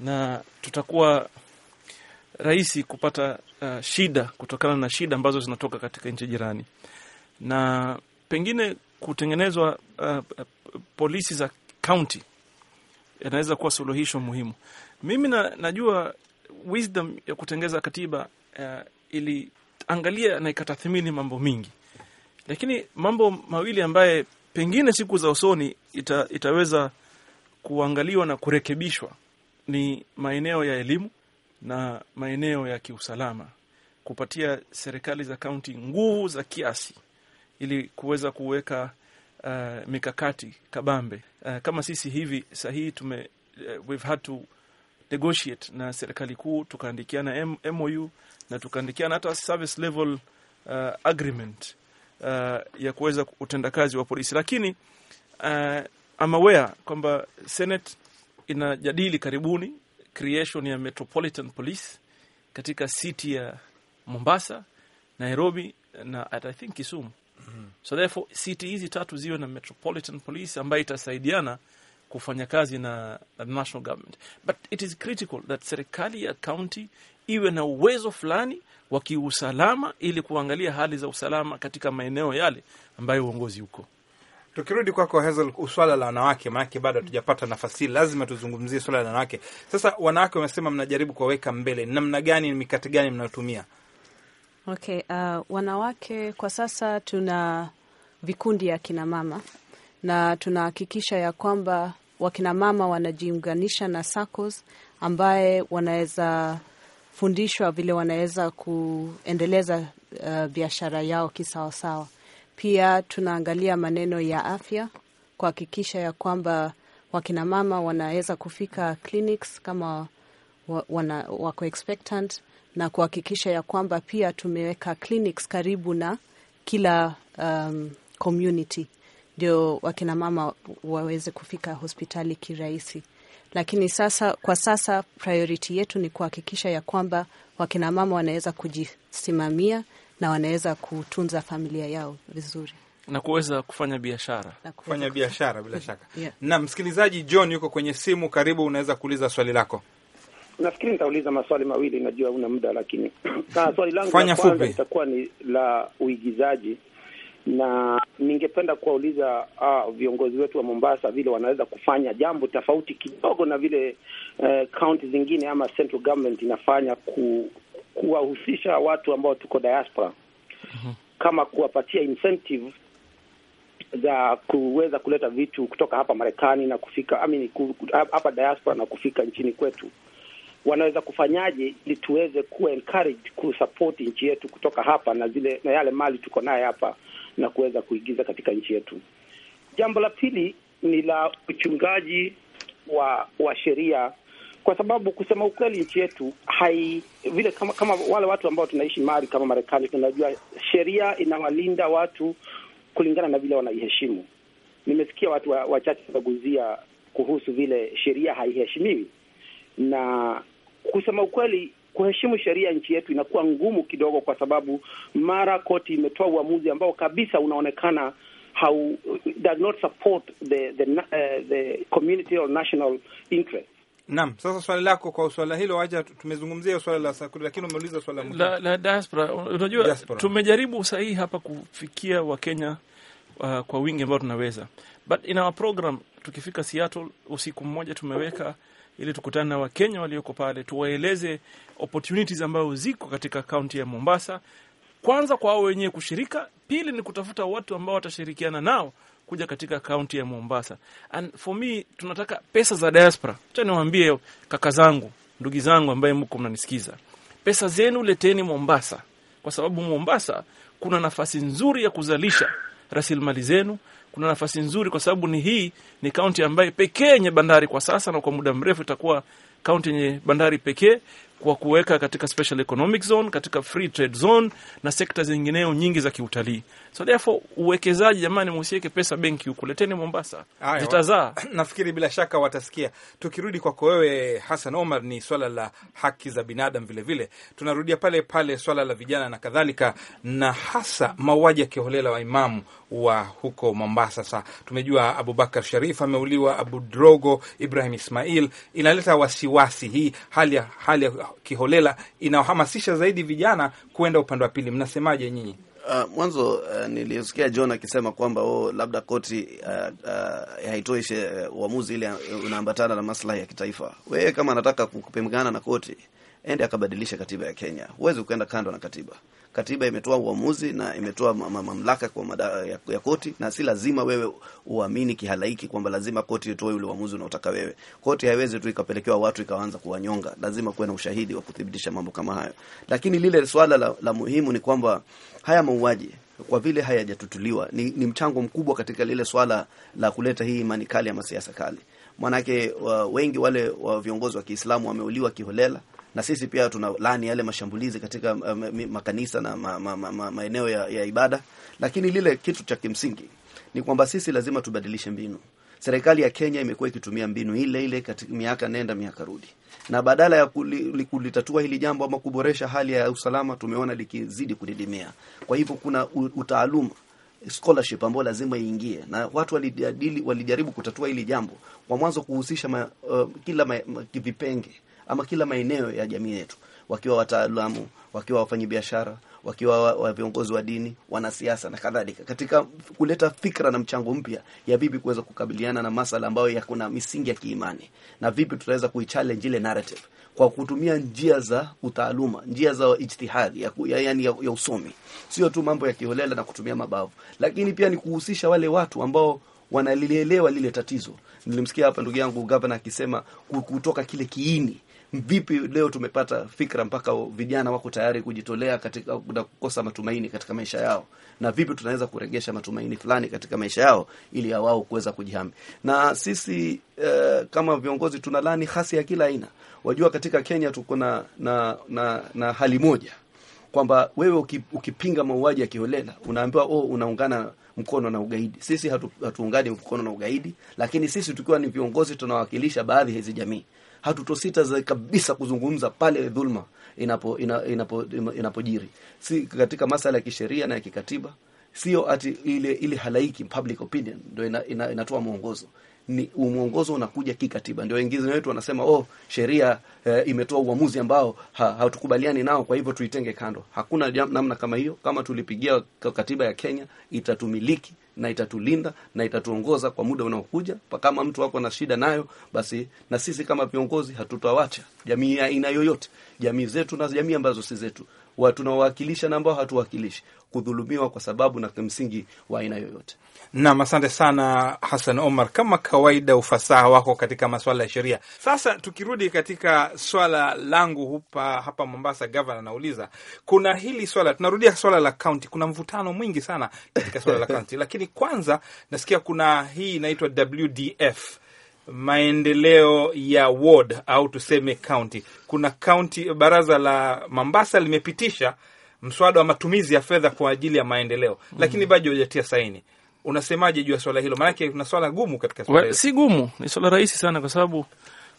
na tutakuwa rahisi kupata uh, shida kutokana na shida ambazo zinatoka katika nchi jirani, na pengine kutengenezwa uh, polisi za kaunti yanaweza kuwa suluhisho muhimu. Mimi na, najua wisdom ya kutengeza katiba uh, iliangalia na ikatathmini mambo mingi, lakini mambo mawili ambaye pengine siku za usoni ita, itaweza kuangaliwa na kurekebishwa ni maeneo ya elimu na maeneo ya kiusalama, kupatia serikali za kaunti nguvu za kiasi ili kuweza kuweka uh, mikakati kabambe. Uh, kama sisi hivi sahihi tume uh, we've had to negotiate na serikali kuu, tukaandikiana MOU na tukaandikiana hata service level uh, agreement uh, ya kuweza utendakazi wa polisi, lakini uh, I'm aware kwamba Senate inajadili karibuni creation ya Metropolitan Police katika city ya Mombasa, Nairobi na I think Kisumu. Mm -hmm. So therefore city hizi tatu ziwe na Metropolitan Police ambayo itasaidiana kufanya kazi na, na national government, but it is critical that serikali ya county iwe na uwezo fulani wa kiusalama ili kuangalia hali za usalama katika maeneo yale ambayo uongozi huko Tukirudi kwako Hazel, swala la wanawake, maanake bado hatujapata nafasi hii, lazima tuzungumzie swala la wanawake. Sasa wanawake wamesema mnajaribu kuwaweka mbele, namna gani, mikakati gani mnayotumia? Okay, uh, wanawake kwa sasa tuna vikundi ya kinamama na tunahakikisha ya kwamba wakinamama wanajiunganisha na SACCOS ambaye wanaweza fundishwa vile wanaweza kuendeleza uh, biashara yao kisawasawa pia tunaangalia maneno ya afya kuhakikisha ya kwamba wakinamama wanaweza kufika clinics kama wana, wako expectant na kuhakikisha ya kwamba pia tumeweka clinics karibu na kila um, community ndio wakinamama waweze kufika hospitali kirahisi. Lakini sasa, kwa sasa priority yetu ni kuhakikisha ya kwamba wakinamama wanaweza kujisimamia na wanaweza kutunza familia yao vizuri na kuweza kufanya biashara kufanya biashara bila shaka yeah. Na msikilizaji John yuko kwenye simu, karibu, unaweza kuuliza swali lako. Nafikiri nitauliza maswali mawili, najua una muda lakini swali langu la kwanza litakuwa ni la uigizaji, na ningependa kuwauliza ah, viongozi wetu wa Mombasa vile wanaweza kufanya jambo tofauti kidogo na vile kaunti eh, zingine ama central government inafanya ku kuwahusisha watu ambao tuko diaspora mhm. kama kuwapatia incentive za kuweza kuleta vitu kutoka hapa Marekani na kufika mean, ku, hapa diaspora na kufika nchini kwetu, wanaweza kufanyaje ili tuweze kuwa encourage kusupport nchi yetu kutoka hapa na zile na yale mali tuko naye hapa na kuweza kuigiza katika nchi yetu. Jambo la pili ni la uchungaji wa wa sheria kwa sababu kusema ukweli, nchi yetu hai vile kama, kama wale watu ambao tunaishi mari kama Marekani, tunajua sheria inawalinda watu kulingana na vile wanaiheshimu. Nimesikia watu wachache wa waguzia kuhusu vile sheria haiheshimiwi, na kusema ukweli kuheshimu sheria nchi yetu inakuwa ngumu kidogo, kwa sababu mara koti imetoa uamuzi ambao kabisa unaonekana how does not support the the, uh, the community or national interest. Naam, sasa swali lako kwa swala hilo, wacha tumezungumzia swala la sakuri, lakini umeuliza swala la, la diaspora. Unajua diaspora. Tumejaribu sahihi hapa kufikia Wakenya uh, kwa wingi ambao tunaweza, but in our program tukifika Seattle usiku mmoja tumeweka ili tukutane na Wakenya walioko pale, tuwaeleze opportunities ambazo ziko katika kaunti ya Mombasa, kwanza kwa wao wenyewe kushirika, pili ni kutafuta watu ambao watashirikiana nao kuja katika kaunti ya Mombasa. And for me tunataka pesa za diaspora. Acha niwaambie kaka zangu, ndugu zangu ambaye mko mnanisikiza, pesa zenu leteni Mombasa, kwa sababu Mombasa kuna nafasi nzuri ya kuzalisha rasilimali zenu. Kuna nafasi nzuri kwa sababu ni hii ni kaunti ambayo pekee yenye bandari kwa sasa, na kwa muda mrefu itakuwa kaunti yenye bandari pekee kwa kuweka katika special economic zone, katika free trade zone na sekta zingineo nyingi za kiutalii. So therefore uwekezaji, jamani, msiweke pesa benki huku, leteni Mombasa zitazaa. Nafikiri bila shaka watasikia. Tukirudi kwako wewe Hassan Omar, ni swala la haki za binadamu vilevile, tunarudia pale pale swala la vijana na kadhalika, na hasa mauaji ya kiholela wa imamu wa huko Mombasa. Sasa tumejua Abubakar Sharif ameuliwa, Abu Drogo, Ibrahim Ismail. Inaleta wasiwasi hii hali ya hali ya kiholela inaohamasisha zaidi vijana kuenda upande wa pili. Mnasemaje nyinyi? Uh, mwanzo uh, nilisikia John akisema kwamba oh, labda koti uh, uh, haitoishe uh, uamuzi uh, ile uh, unaambatana na maslahi ya kitaifa. Wewe kama anataka kupingana na koti, ende akabadilisha katiba ya Kenya. Huwezi ukaenda kando na katiba. Katiba imetoa uamuzi na imetoa mamlaka kwa mada, ya, ya koti, na si lazima wewe uamini kihalaiki kwamba lazima koti itoe ule uamuzi unaotaka wewe. Koti haiwezi tu ikapelekewa watu ikaanza kuwanyonga, lazima kuwe na ushahidi wa kuthibitisha mambo kama hayo. Lakini lile swala la, la muhimu ni kwamba haya mauaji kwa vile hayajatutuliwa ni, ni mchango mkubwa katika lile swala la kuleta hii imani kali ama siasa kali, Manake wengi wale wa viongozi wa Kiislamu wameuliwa kiholela na sisi pia tuna lani yale mashambulizi katika eh, makanisa na ma, ma, ma, ma, maeneo ya, ya ibada, lakini lile kitu cha kimsingi ni kwamba sisi lazima tubadilishe mbinu. Serikali ya Kenya imekuwa ikitumia mbinu ile ile katika miaka nenda miaka rudi, na badala ya kulitatua hili jambo ama kuboresha hali ya usalama, tumeona likizidi kudidimia. Kwa hivyo kuna utaaluma scholarship ambayo lazima iingie, na watu walijadili, walijaribu kutatua hili jambo kwa mwanzo, kuhusisha ma, uh, kila ma, ma, kivipenge ama kila maeneo ya jamii yetu, wakiwa wataalamu, wakiwa wafanyabiashara, wakiwa wa viongozi wa dini, wanasiasa na kadhalika, katika kuleta fikra na mchango mpya ya vipi kuweza kukabiliana na masala ambayo yakuna misingi ya kiimani na vipi tutaweza kuichallenge ile narrative kwa kutumia njia za utaaluma, njia za ijtihadi ya, ya, ya, ya usomi, sio tu mambo ya kiholela na kutumia mabavu, lakini pia ni kuhusisha wale watu ambao wanalielewa lile tatizo. Nilimsikia hapa ndugu yangu gavana akisema kutoka kile kiini vipi leo tumepata fikra mpaka vijana wako tayari kujitolea katika na kukosa matumaini katika maisha yao, na vipi tunaweza kuregesha matumaini fulani katika maisha yao ili ya wao kuweza kujihami. Na sisi eh, kama viongozi tuna lani hasi ya kila aina. Wajua, katika Kenya tuko na na, na na hali moja kwamba wewe ukipinga mauaji ya kiholela unaambiwa oh, unaungana mkono na ugaidi. Sisi hatu, hatuungani mkono na ugaidi, lakini sisi tukiwa ni viongozi tunawakilisha baadhi ya hizi jamii hatutosita kabisa kuzungumza pale dhulma inapojiri inapo, inapo, inapo si katika masala ya kisheria na ya kikatiba, sio ati ile ile halaiki public opinion ndio ina, ina, inatoa mwongozo ni mwongozo unakuja kikatiba. Ndio wengine wetu wanasema oh, sheria e, imetoa uamuzi ambao ha, hatukubaliani nao, kwa hivyo tuitenge kando. Hakuna namna kama hiyo. Kama tulipigia katiba ya Kenya, itatumiliki na itatulinda na itatuongoza kwa muda unaokuja. Kama mtu wako na shida nayo, basi na sisi kama viongozi hatutawacha jamii ya aina yoyote, jamii zetu na jamii ambazo si zetu, tunawawakilisha na ambao hatuwakilishi kudhulumiwa kwa sababu na kimsingi wa aina yoyote. Nam, asante sana Hassan Omar. Kama kawaida, ufasaha wako katika maswala ya sheria. Sasa tukirudi katika swala langu hupa, hapa Mombasa, gavana nauliza, kuna hili swala, tunarudia swala la kaunti. Kuna mvutano mwingi sana katika swala la kaunti, lakini kwanza nasikia kuna hii inaitwa WDF maendeleo ya ward au tuseme kaunti Kuna kaunti baraza la Mombasa limepitisha mswada wa matumizi ya fedha kwa ajili ya maendeleo, mm. lakini bado hujatia saini. Unasemaje juu ya swala hilo? Maanake kuna swala gumu katika swala hilo. Si gumu, ni swala rahisi sana, kwa sababu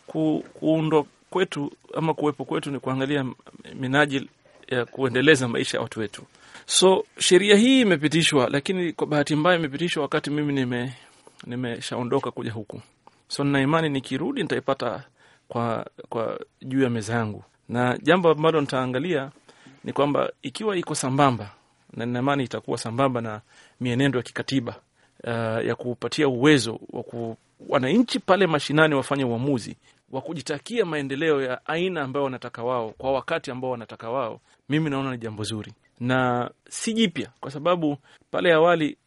ku, kuundwa kwetu ama kuwepo kwetu ni kuangalia minajili ya kuendeleza maisha ya watu wetu. So sheria hii imepitishwa, lakini kwa bahati mbaya imepitishwa wakati mimi nime nimeshaondoka kuja huku, so nina imani nikirudi nitaipata kwa, kwa juu ya meza yangu, na jambo ambalo nitaangalia ni kwamba ikiwa iko sambamba na ninaamani itakuwa sambamba na mienendo ya kikatiba uh, ya kupatia uwezo wa ku, wananchi pale mashinani wafanye uamuzi wa kujitakia maendeleo ya aina ambayo wanataka wao kwa wakati ambao wanataka wao, mimi naona ni jambo zuri na si jipya, kwa sababu pale awali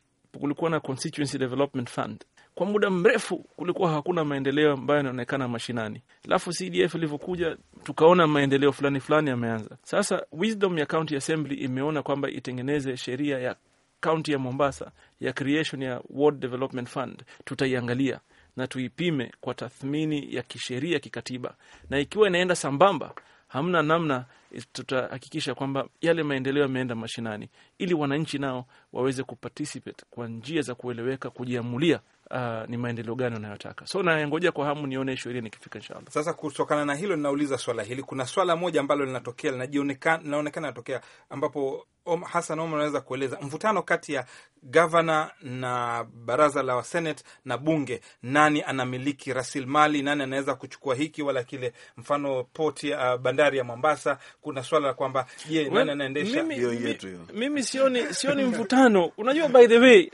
kulikuwa na Constituency Development Fund kwa muda mrefu kulikuwa hakuna maendeleo ambayo yanaonekana mashinani, alafu CDF ilivyokuja tukaona maendeleo fulani fulani yameanza. Sasa wisdom ya county assembly imeona kwamba itengeneze sheria ya kaunti ya Mombasa ya creation ya Ward Development Fund, tutaiangalia na tuipime kwa tathmini ya kisheria kikatiba, na ikiwa inaenda sambamba, hamna namna Eh, tutahakikisha kwamba yale maendeleo yameenda mashinani, ili wananchi nao waweze kuparticipate kwa njia za kueleweka, kujiamulia Uh, ni maendeleo gani wanayotaka. So nayangoja kwa hamu nione ishu hili nikifika inshallah. Sasa kutokana na hilo, ninauliza swala hili, kuna swala moja ambalo linatokea linaonekana natokea ambapo Om, Hassan Omar anaweza kueleza mvutano kati ya gavana na baraza la Senate na bunge, nani anamiliki rasilimali, nani anaweza kuchukua hiki wala kile, mfano poti, uh, bandari ya Mombasa kuna swala la kwamba je, nani anaendesha mimi, mimi, mimi sioni, sioni mvutano. Unajua, by the way,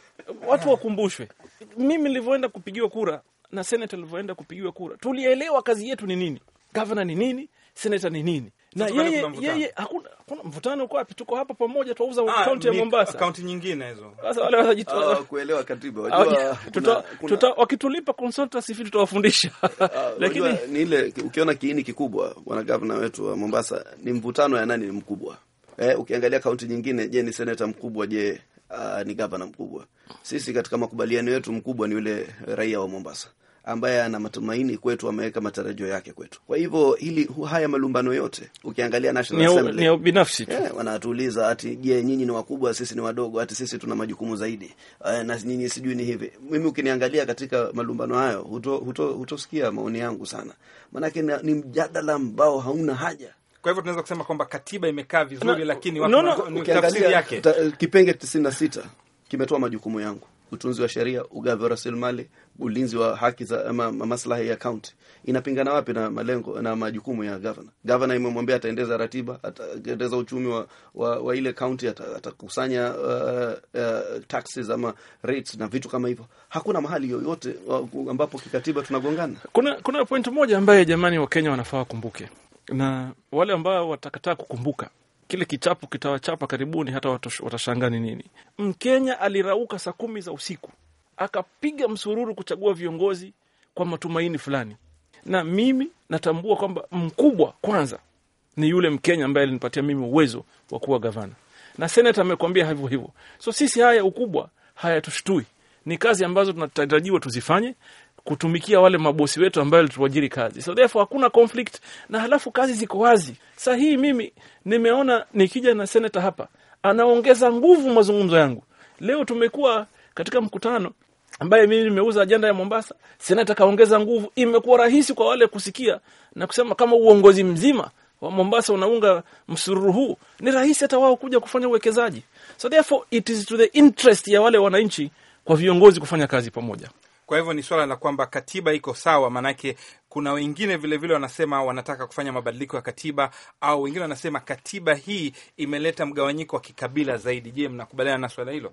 watu ah. wakumbushwe, mimi nilivyoenda kupigiwa kura na senata alivyoenda kupigiwa kura, tulielewa kazi yetu ni nini, gavana ni nini, senata ni nini na yeye yeye, hakuna mvutano uko wapi? Tuko hapa pamoja, tuauza kaunti ah, ya Mombasa, kaunti nyingine hizo. Sasa wale wanajitoa ah, kuelewa katiba, wajua tuta, tuta, wakitulipa consultancy fee tutawafundisha. Ah, Lakini ni ile ukiona kiini kikubwa, bwana gavana wetu wa Mombasa, ni mvutano ya nani ni mkubwa. Eh, ukiangalia kaunti nyingine, je, ni seneta mkubwa? Je, uh, ni gavana mkubwa? Sisi katika makubaliano yetu mkubwa ni yule raia wa Mombasa ambaye ana matumaini kwetu, ameweka matarajio yake kwetu. Kwa hivyo hili haya malumbano yote ukiangalia National Assembly ni binafsi tu, yeah, wanatuuliza ati je, nyinyi ni wakubwa, sisi ni wadogo, ati sisi tuna majukumu zaidi eh, na nyinyi sijui ni hivi. Mimi ukiniangalia katika malumbano hayo hutosikia huto, huto maoni yangu sana, maanake ni mjadala ambao hauna haja kwa hivyo tunaweza kusema kwamba katiba imekaa vizuri no, lakini no, no, tafsiri yake kipenge tisini na sita kimetoa majukumu yangu utunzi wa sheria, ugavi wa rasilimali, ulinzi wa haki za maslahi ya kaunti. Inapingana wapi na malengo na majukumu ya gavana? Gavana imemwambia ataendeza ratiba, ataendeza uchumi wa, wa, wa ile kaunti, atakusanya uh, uh, taxes ama rates na vitu kama hivyo. Hakuna mahali yoyote ambapo kikatiba tunagongana. Kuna, kuna point moja ambaye jamani Wakenya wanafaa wakumbuke na wale ambao watakataa kukumbuka kile kichapo kitawachapa karibuni, hata watashangaa ni nini. Mkenya alirauka saa kumi za usiku akapiga msururu kuchagua viongozi kwa matumaini fulani, na mimi natambua kwamba mkubwa kwanza ni yule Mkenya ambaye alinipatia mimi uwezo wa kuwa gavana, na seneta amekwambia hivyo hivyo. So sisi haya ukubwa hayatushtui, ni kazi ambazo tunatarajiwa tuzifanye, kutumikia wale mabosi wetu ambayo alituajiri kazi. So therefore hakuna conflict na halafu kazi ziko wazi. sahihi. mimi nimeona nikija na seneta hapa anaongeza nguvu mazungumzo yangu. Leo tumekuwa katika mkutano ambaye mimi nimeuza ajenda ya Mombasa, seneta kaongeza nguvu. Imekuwa rahisi kwa wale kusikia na kusema kama uongozi mzima wa Mombasa unaunga msururu huu, ni rahisi hata wao kuja kufanya uwekezaji. So therefore it is to the interest ya wale wananchi kwa viongozi kufanya kazi pamoja. Kwa hivyo ni swala la kwamba katiba iko sawa, maanake kuna wengine vilevile wanasema wanataka kufanya mabadiliko ya katiba, au wengine wanasema katiba hii imeleta mgawanyiko wa kikabila zaidi. Je, mnakubaliana na swala hilo?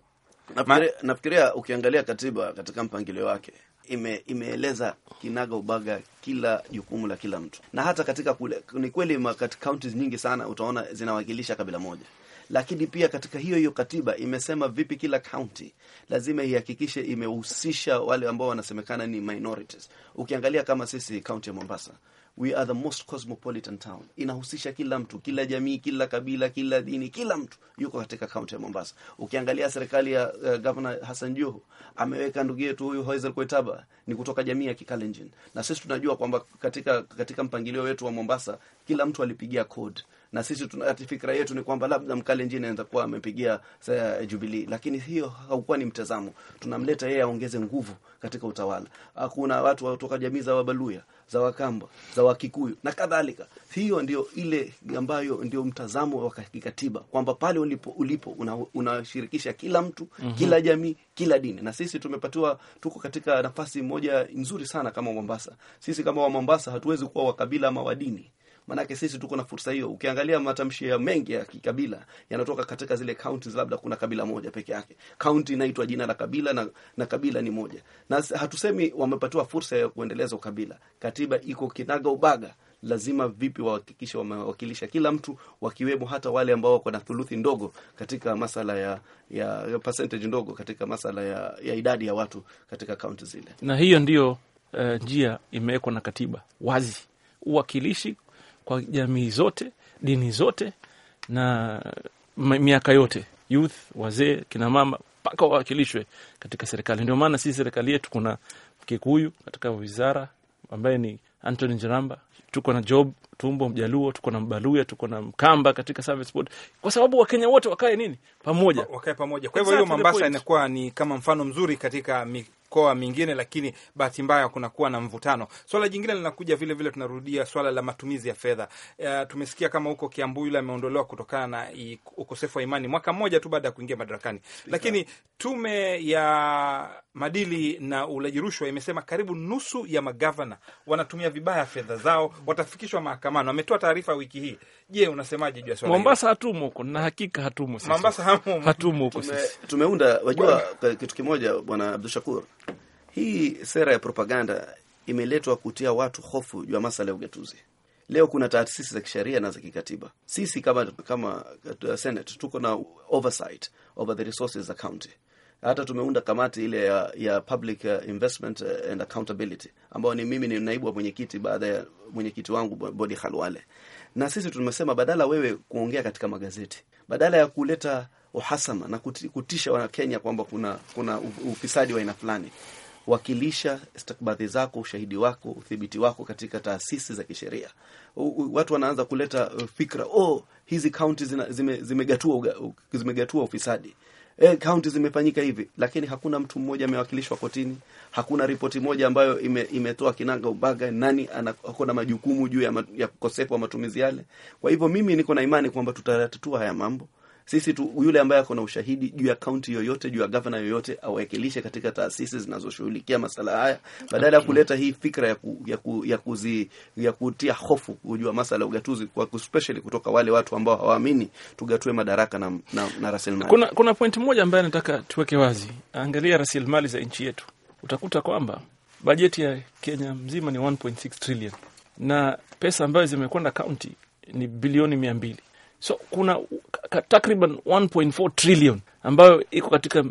Nafikiria, ukiangalia katiba katika mpangilio wake ime, imeeleza kinaga ubaga kila jukumu la kila mtu, na hata katika kule, ni kweli kaunti nyingi sana utaona zinawakilisha kabila moja lakini pia katika hiyo hiyo katiba imesema vipi kila kaunti lazima ihakikishe imehusisha wale ambao wanasemekana ni minorities. Ukiangalia kama sisi kaunti ya Mombasa, we are the most cosmopolitan town, inahusisha kila mtu, kila jamii, kila kabila, kila dini, kila mtu yuko katika kaunti ya Mombasa. Ukiangalia serikali ya uh, Governor Hassan Joho ameweka ndugu yetu huyu Hoisel Koitaba ni kutoka jamii ya Kikalenjin, na sisi tunajua kwamba katika, katika mpangilio wetu wa Mombasa kila mtu alipigia code na sisi tunati fikra yetu ni kwamba labda Mkalenjin anaweza kuwa amepigia Jubilii, lakini hiyo haukuwa ni mtazamo. Tunamleta yeye aongeze nguvu katika utawala. Kuna watu kutoka jamii za Wabaluya, za Wakamba, za Wakikuyu na kadhalika. Hiyo ndio ile ambayo ndio mtazamo wa kikatiba kwamba pale ulipo, ulipo unashirikisha una kila mtu mm -hmm. kila jamii, kila dini, na sisi tumepatiwa, tuko katika nafasi moja nzuri sana kama Mombasa. Sisi kama wa Mombasa hatuwezi kuwa wa kabila ama wa dini Maanake sisi tuko na fursa hiyo. Ukiangalia matamshi ya mengi ya kikabila yanatoka katika zile kaunti, labda kuna kabila moja peke yake, kaunti inaitwa jina la kabila na, na kabila ni moja, na hatusemi wamepatiwa fursa ya kuendeleza ukabila. Katiba iko kinaga ubaga lazima vipi wahakikishe wamewakilisha kila mtu, wakiwemo hata wale ambao wako na thuluthi ndogo katika masala ya, ya, ya percentage ndogo katika masala ya, ya idadi ya watu katika kaunti zile. Na hiyo ndiyo eh, njia uh, imewekwa na katiba wazi, uwakilishi kwa jamii zote, dini zote na miaka yote, youth, wazee, kinamama mpaka wawakilishwe katika serikali. Ndio maana sisi serikali yetu kuna Mkikuyu katika wizara ambaye ni Anthony Njeramba, tuko na Job Tumbo Mjaluo, tuko na Mbaluya, tuko na Mkamba katika service board, kwa sababu Wakenya wote wakae nini, pamoja, wakae pamoja. Kwa hivyo hiyo Mombasa inakuwa ni kama mfano mzuri katika mikoa mingine, lakini bahati mbaya kunakuwa na mvutano. Swala jingine linakuja vile vile, tunarudia swala la matumizi ya fedha. E, tumesikia kama huko Kiambu yule ameondolewa kutokana na ukosefu wa imani mwaka mmoja tu baada ya kuingia madarakani, lakini tume ya madili na ulaji rushwa imesema karibu nusu ya magavana wanatumia vibaya fedha zao, watafikishwa mahakamani. Wametoa taarifa wiki hii. Je, unasemaje juu ya swala? Mombasa hatumo huko na hakika hatumo sisi. Mombasa hatumo huko sisi. Tumeunda, wajua kitu kimoja, bwana Shakur, hii sera ya propaganda imeletwa kutia watu hofu juu ya masala ya ugatuzi. Leo kuna taasisi za kisheria na za kikatiba. Sisi kama kama uh, Senate tuko na oversight over the resources za county. Hata tumeunda kamati ile ya, ya public uh, investment uh, and accountability ambayo ni mimi ni naibu wa mwenyekiti baada ya mwenyekiti wangu Bodi Khalwale, na sisi tumesema badala wewe kuongea katika magazeti, badala ya kuleta uhasama na kutisha Wakenya kwamba kuna, kuna ufisadi wa aina fulani. Wakilisha stakabadhi zako, ushahidi wako, uthibiti wako katika taasisi za kisheria. Watu wanaanza kuleta uh, fikra, oh, hizi kaunti zimegatua zime zime ufisadi E, kaunti zimefanyika hivi, lakini hakuna mtu mmoja amewakilishwa kotini. Hakuna ripoti moja ambayo ime, imetoa kinanga ubaga nani ako majukumu juu ya, ya kukosefu wa matumizi yale. Kwa hivyo mimi niko na imani kwamba tutatatua haya mambo. Sisi tu yule ambaye ako na ushahidi juu ya kaunti yoyote, juu ya gavana yoyote, awakilishe katika taasisi zinazoshughulikia masala haya, badala ya kuleta hii fikra ya, ku, ya, ku, ya, kuzi, ya kutia hofu kujua masala ugatuzi kwa especially kutoka wale watu ambao hawaamini tugatue madaraka na, na, na rasilimali. Kuna, kuna pointi moja ambaye nataka tuweke wazi. Angalia rasilimali za nchi yetu, utakuta kwamba bajeti ya Kenya mzima ni 1.6 trillion na pesa ambayo zimekwenda kaunti ni bilioni mia mbili So kuna takriban 1.4 trillion ambayo iko katika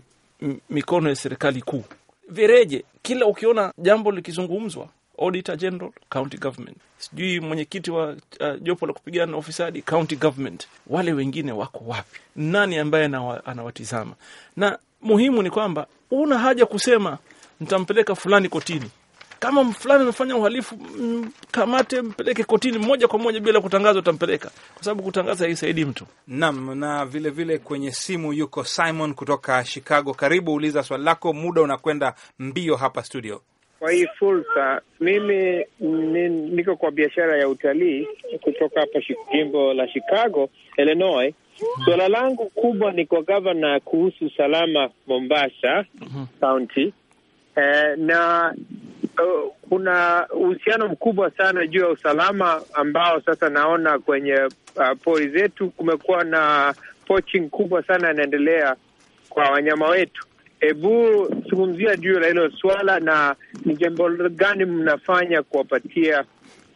mikono ya serikali kuu. Vereje, kila ukiona jambo likizungumzwa Auditor General, county government, sijui mwenyekiti wa uh, jopo la kupigana na ufisadi county government, wale wengine wako wapi? Nani ambaye anawatizama? Na muhimu ni kwamba una haja kusema ntampeleka fulani kotini, kama fulani amefanya uhalifu, mm, kamate mpeleke kotini moja kwa moja bila kutangaza, utampeleka kwa sababu kutangaza haisaidi mtu. Naam, na vilevile vile kwenye simu yuko Simon kutoka Chicago. Karibu, uliza swali lako, muda unakwenda mbio hapa studio. Kwa hii fursa mimi niko kwa biashara ya utalii kutoka hapa jimbo la Chicago, Illinois. Suala langu kubwa ni kwa gavana kuhusu salama Mombasa mhm. County. Eh, na uh, kuna uhusiano mkubwa sana juu ya usalama ambao sasa naona kwenye uh, pori zetu kumekuwa na poaching kubwa sana inaendelea kwa wanyama wetu. Hebu zungumzia juu la hilo swala, na ni jambo gani mnafanya kuwapatia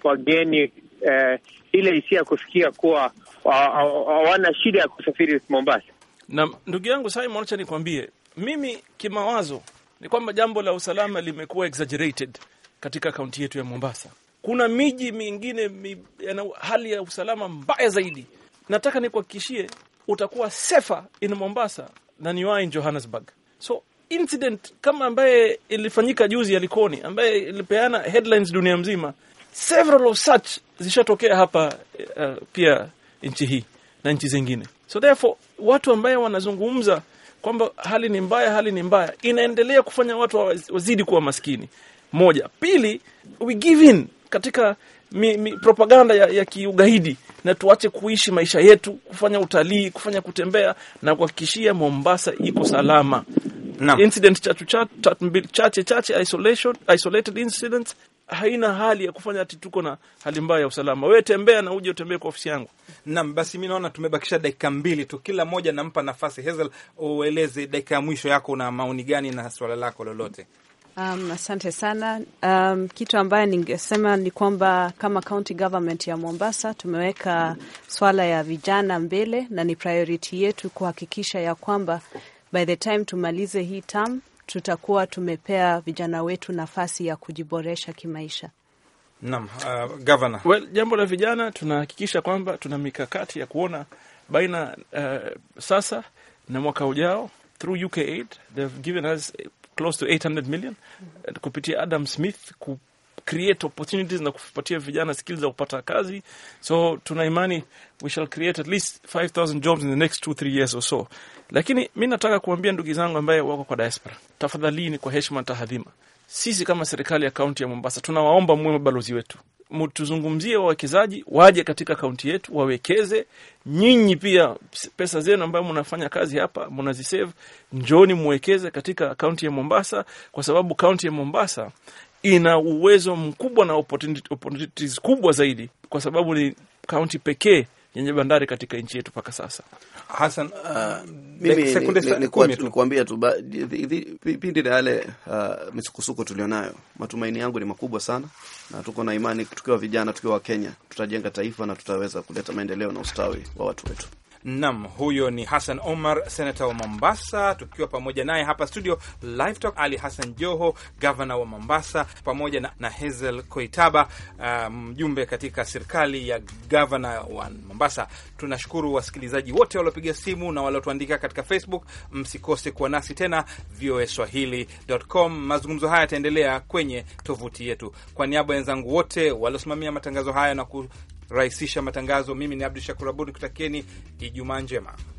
wageni eh, ile hisia ya kusikia kuwa ah, ah, ah, hawana shida ya kusafiri Mombasa? Na ndugu yangu Simon, acha nikwambie mimi kimawazo ni kwamba jambo la usalama limekuwa exaggerated katika kaunti yetu ya Mombasa. Kuna miji mingine mi, yana hali ya usalama mbaya zaidi. Nataka nikuhakikishie utakuwa safer in Mombasa than you are in Johannesburg. So incident kama ambaye ilifanyika juzi ya Likoni ambaye ilipeana headlines dunia mzima, several of such zishatokea hapa uh, pia nchi hii na nchi zingine. So therefore watu ambaye wanazungumza kwamba hali ni mbaya, hali ni mbaya, inaendelea kufanya watu wazidi kuwa maskini. Moja, pili, we give in katika mi, mi, propaganda ya, ya kiugaidi na tuache kuishi maisha yetu, kufanya utalii, kufanya kutembea na kuhakikishia Mombasa iko salama. No. Incident chache chache isolation, isolated incidents haina hali ya kufanya ati tuko na hali mbaya ya usalama. Wewe tembea na uje utembee kwa ofisi yangu. Naam, basi mi naona tumebakisha dakika mbili tu, kila mmoja nampa nafasi. Hazel, ueleze dakika ya mwisho yako, una maoni gani na swala lako lolote? Um, asante sana. Um, kitu ambayo ningesema ni kwamba kama county government ya Mombasa tumeweka swala ya vijana mbele na ni priority yetu kuhakikisha ya kwamba by the time tumalize hii term tutakuwa tumepea vijana wetu nafasi ya kujiboresha kimaisha. Naam, uh, gavana. Well, jambo la vijana tunahakikisha kwamba tuna mikakati ya kuona baina uh, sasa na mwaka ujao through UK aid they've given us uh, close to 800 million uh, kupitia Adam Smith kup create opportunities na kupatia vijana skills za kupata kazi. So tuna imani we shall create at least 5000 jobs in the next 2 3 years or so. Lakini mi nataka kuambia ndugu zangu ambaye wako kwa diaspora, tafadhalini, kwa heshima na tahadhima, sisi kama serikali ya kaunti ya Mombasa tunawaomba muwe mabalozi wetu, mtuzungumzie wawekezaji waje katika kaunti yetu wawekeze. Nyinyi pia pesa zenu ambayo mnafanya kazi hapa mnazisave, njoni muwekeze katika kaunti ya Mombasa, kwa sababu kaunti ya Mombasa ina uwezo mkubwa na opportunities kubwa zaidi, kwa sababu ni kaunti pekee yenye bandari katika nchi yetu mpaka sasa. Hasan, uh, mimi nikuambia tu vipindi na yale uh, misukosuko tulionayo, matumaini yangu ni makubwa sana, na tuko na imani tukiwa vijana, tukiwa Wakenya, tutajenga taifa na tutaweza kuleta maendeleo na ustawi wa watu wetu. Nam, huyo ni Hassan Omar, senata wa Mombasa, tukiwa pamoja naye hapa studio live talk. Ali Hassan Joho, gavana wa Mombasa, pamoja na, na Hazel Koitaba, uh, mjumbe um, katika serikali ya gavana wa Mombasa. Tunashukuru wasikilizaji wote waliopiga simu na waliotuandika katika Facebook. Msikose kuwa nasi tena VOA swahili.com. Mazungumzo haya yataendelea kwenye tovuti yetu. Kwa niaba ya wenzangu wote waliosimamia matangazo haya na ku rahisisha matangazo. Mimi ni Abdu Shakur Abud, kutakieni Ijumaa njema.